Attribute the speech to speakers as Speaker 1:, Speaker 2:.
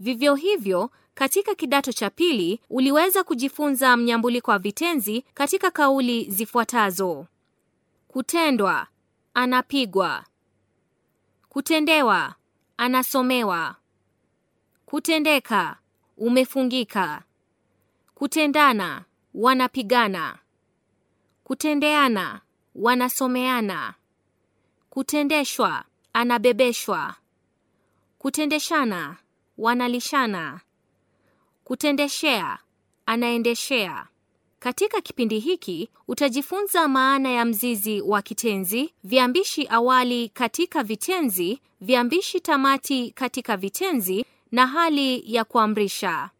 Speaker 1: Vivyo hivyo, katika kidato cha pili uliweza kujifunza mnyambuliko wa vitenzi katika kauli zifuatazo: kutendwa, anapigwa; kutendewa, anasomewa; kutendeka, umefungika; kutendana, wanapigana; kutendeana, wanasomeana; kutendeshwa, anabebeshwa; kutendeshana wanalishana. Kutendeshea, anaendeshea. Katika kipindi hiki utajifunza maana ya mzizi wa kitenzi, viambishi awali katika vitenzi, viambishi tamati katika vitenzi na hali ya kuamrisha.